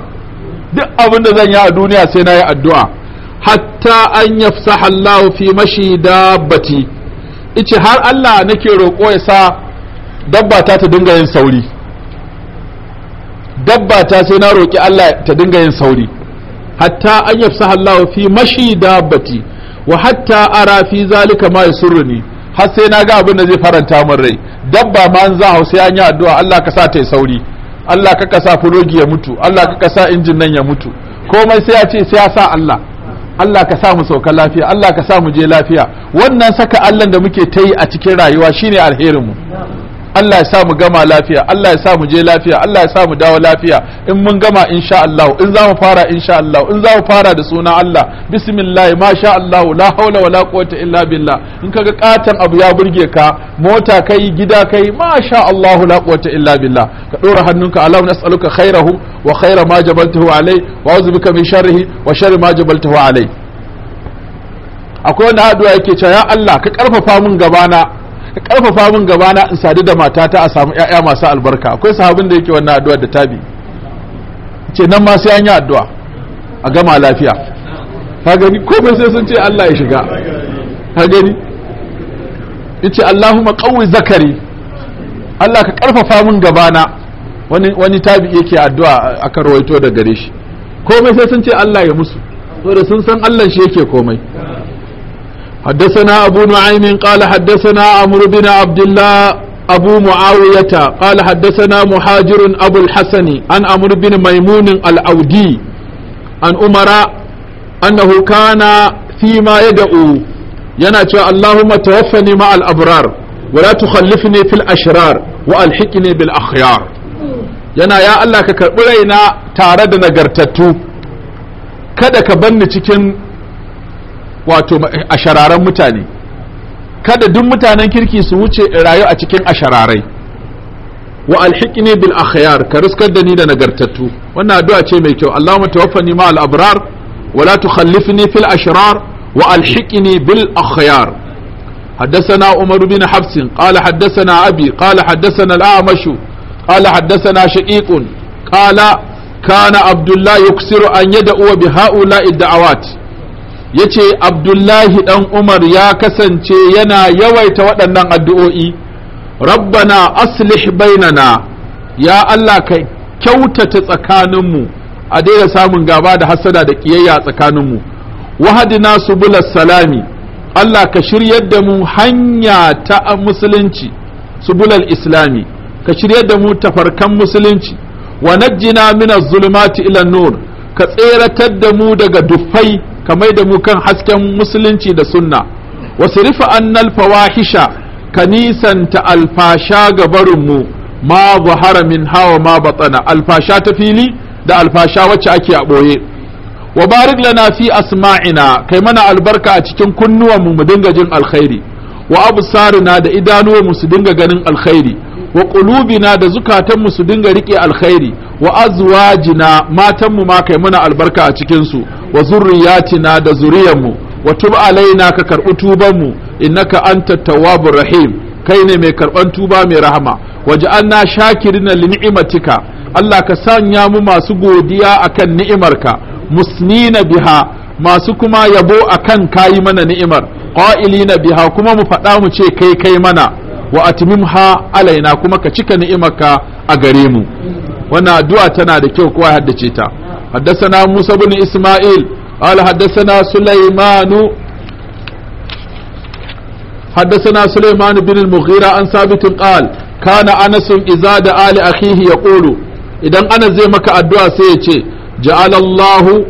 duk abin da zan yi a duniya sai nayi addu'a hatta an yafsaha Allah fi mashi dabbati ice har Allah nake roƙo ya sa dabba ta ta dinga yin sauri dabba ta sai na roƙi Allah ta dinga yin sauri hatta an yafsaha Allah fi mashi dabbati wa hatta ara fi zalika ma yasurruni har sai na ga abin da zai faranta min rai dabba ma an za hausa an yi addu'a Allah ka sa ta sauri Allah ka ka sa fulogi ya mutu Allah ka ka sa injin nan ya mutu komai sai ya ce sai ya sa Allah Allah ka sa mu sauka lafiya Allah ka sa mu je lafiya wannan saka Allah da muke ta yi a cikin rayuwa shine alherin mu Allah ya sa mu gama lafiya Allah ya sa mu je lafiya Allah ya sa mu dawo lafiya in mun gama insha Allah in za mu fara insha Allah in za mu fara da suna Allah bismillah ma sha Allah la haula wala quwwata illa billah in kaga katan abu ya burge ka mota kai gida kai ma sha Allah la quwwata illa billah ka dora hannunka Allah nas'aluka khairahu wa khaira ma jabaltahu alai wa a'udhu bika min sharrihi wa sharri ma jabaltahu alai akwai wanda addu'a yake cewa ya Allah ka karfafa mun gabana ka karfafa min gaba na in sadu da matata a samu ƴaƴa masu albarka akwai sahabin da yake wannan addu'a da tabi ce nan ma sai an yi addu'a a gama lafiya ka gani ko ba sai sun ce Allah ya shiga ka gani yace Allahumma qawwi zakari Allah ka karfafa min gaba na wani wani tabi yake addu'a aka rawaito da gare shi komai sai sun ce Allah ya musu saboda sun san Allah shi yake komai حدثنا أبو نعيم قال حدثنا عمرو بن عبد الله أبو معاوية قال حدثنا محاجر أبو الحسن عن عمرو بن ميمون الأودي عن أمر أنه كان فيما يدعو ينأتي اللهم توفني مع الأبرار ولا تخلفني في الأشرار وألحقني بالأخيار yana ya Allah ka karɓi raina tare da nagartattu kada ka banni cikin wato ashararan mutane kada duk mutanen kirki su wuce rayu a cikin ashararai wa alhiqni bil akhyar ka riskar da ni da nagartattu wannan addu'a ce mai kyau Allahumma tawaffani ma al abrar wa la tukhallifni fil ashrar wa alhiqni bil akhyar حدثنا عمر بن حفص قال حدثنا أبي قال حدثنا الأعمش قال حدثنا شقيق قال كان عبد الله يكسر أن يدعو بهؤلاء الدعوات yace abdullahi dan umar ya kasance yana yawaita waɗannan addu'o'i rabbana aslih bainana ya allah ka kyautata tsakaninmu a daina samun gaba da hasada da ƙiyayya tsakaninmu wahadina subulas salami allah ka shiryar da mu hanya ta musulunci subulal islami ka shiryar da mu tafarkan musulunci wa najjina min zulumati ila nur ka tseratar da mu daga dufai ka mai da mu kan hasken musulunci da sunna wasu rufa annal fawahisha ka nisanta alfasha ga barinmu ma buhara min hawa ma batsana alfasha ta fili da alfasha wacce ake a ɓoye wa barik lana fi asma'ina kai mana albarka a cikin kunnuwanmu mu dinga jin alkhairi wa na da idanuwanmu su dinga ganin alkhairi wa qulubina da zukatanmu su dinga rike alkhairi wa azwajina matanmu ma kai muna albarka a cikin su wa zurriyatina da zuriyanmu wa tub alaina ka tuban tubanmu innaka anta tawwabur rahim kai ne mai karɓan tuba mai rahama waj'alna shakirina li ni'matika Allah ka sanya mu masu godiya akan ni'imarka musnina biha masu kuma yabo akan kayi mana ni'imar qa'ilina biha kuma mu faɗa mu ce kai kai mana wa atmimha alaina kuma ka cika ni'imarka a gare mu wannan addu'a tana da kyau kowa haddace ta haddasana Musa bin Isma'il qala haddasana Sulaiman حدثنا سليمان بن المغيرة عن ثابت قال كان أنس إذا دعا لأخيه يقول إذا أنا زي مكة الدعاء سيتي ja'alallahu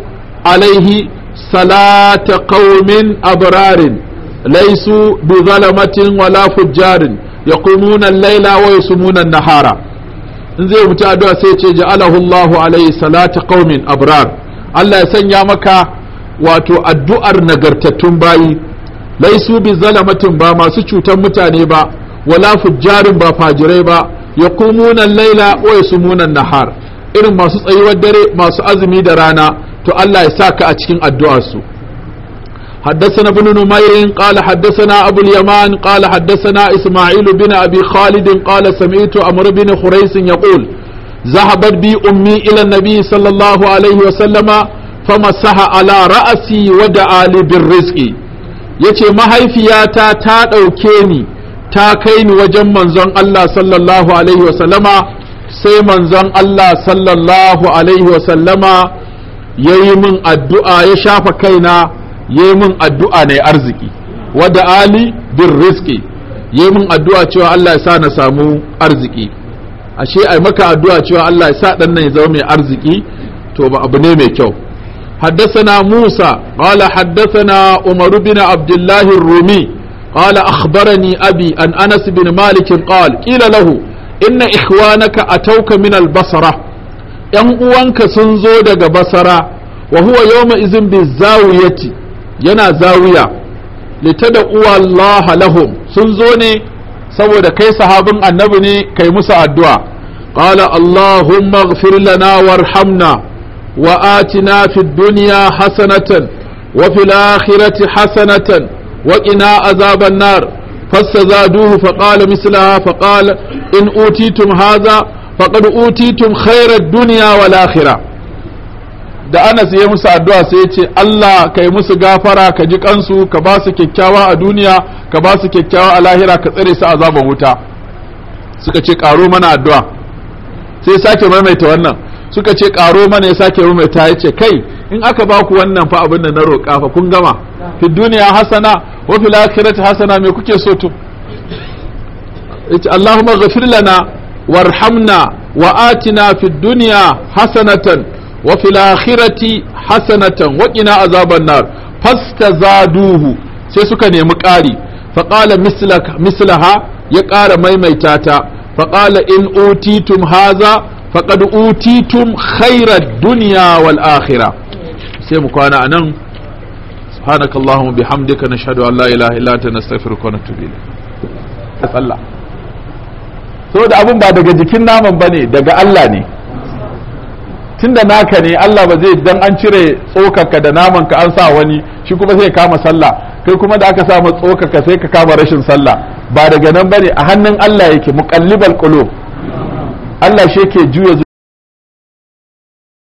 alaihi salata صلاة قوم laisu ليسوا بظلمة wala فجار ya kumuna laila wa ya sumuna nahara in zai mutu addu'a sai ce ja'alahu Allahu alaihi salatu qaumin abrar Allah ya sanya maka wato addu'ar nagartattun bayi laisu bi zalamatin ba masu cutar mutane ba wala fujjarin ba fajirai ba ya kumuna laila wa ya sumuna nahar irin masu tsayuwar dare masu azumi da rana to Allah ya saka a cikin addu'arsu su حدثنا ابن نمير قال حدثنا أبو اليمان قال حدثنا إسماعيل بن أبي خالد قال سمعت أمر بن خريس يقول ذهبت بي أمي إلى النبي صلى الله عليه وسلم فمسح على رأسي ودعا لي بالرزق yace mahaifiyata ta ɗauke ni ta kai ni wajen manzon Allah sallallahu alaihi sai manzon Allah sallallahu alaihi wasallama ya yi min addu'a ya shafa kaina yi min addu'a na arziki wadda ali bin riski yi min addu'a cewa Allah ya sa na samu arziki ashe ai maka addu'a cewa Allah ya sa dan nan ya zama mai arziki to ba abu ne mai kyau haddasana musa قال haddasana عمر bin abdullahi rumi الرومي قال أخبرني أبي أن bin بن مالك قال lahu inna إن إخوانك أتوك من البصرة ‘yan uwanka sun zo daga basara wa huwa yawma izin bi zawiyati yana zawiya da uwallaha lahum sun zo ne saboda kai sahabin annabi ne kai musu addu'a ƙala allahumma ighfir lana warhamna wa atina fid dunya hasanatan wa fil akhirati hasanatan wa qina azaban nar فاستزادوه فقال مثلها فقال إن أوتيتم هذا فقد أوتيتم خير الدنيا والآخرة da anas ya musu addu'a sai ya ce Allah ka yi musu gafara ka ji kansu ka ba su kyakkyawa a duniya ka ba su kyakkyawa a lahira ka tsare su azaban wuta suka ce karo mana addu'a sai sake maimaita wannan suka ce karo mana ya sake maimaita ya ce kai in aka ba ku wannan fa abin da na roƙa fa kun gama fi duniya hasana wa fi akhirati hasana me kuke so to Allahumma ghafir lana warhamna wa atina fi dunya hasanatan wa fil akhirati hasanatan wa qina azaban nar fastazaduhu sai suka nemi ƙari faqala mislaha ya ƙara maimaita ta faqala in utitum haza faqad utitum khairar dunya wal akhirah sai mu kwana anan subhanakallahumma bihamdika nashhadu an la ilaha illa anta nastaghfiruka wa natubu ilayk abun ba daga jikin naman bane daga Allah ne Tun da naka ne Allah ba zai dan an cire tsokaka da naman ka an sa wani shi kuma sai kama sallah kai kuma da aka samu tsokaka tsokarka sai ka kama rashin sallah ba daga nan bane a hannun Allah yake muqallibal qulub Allah shi yake juya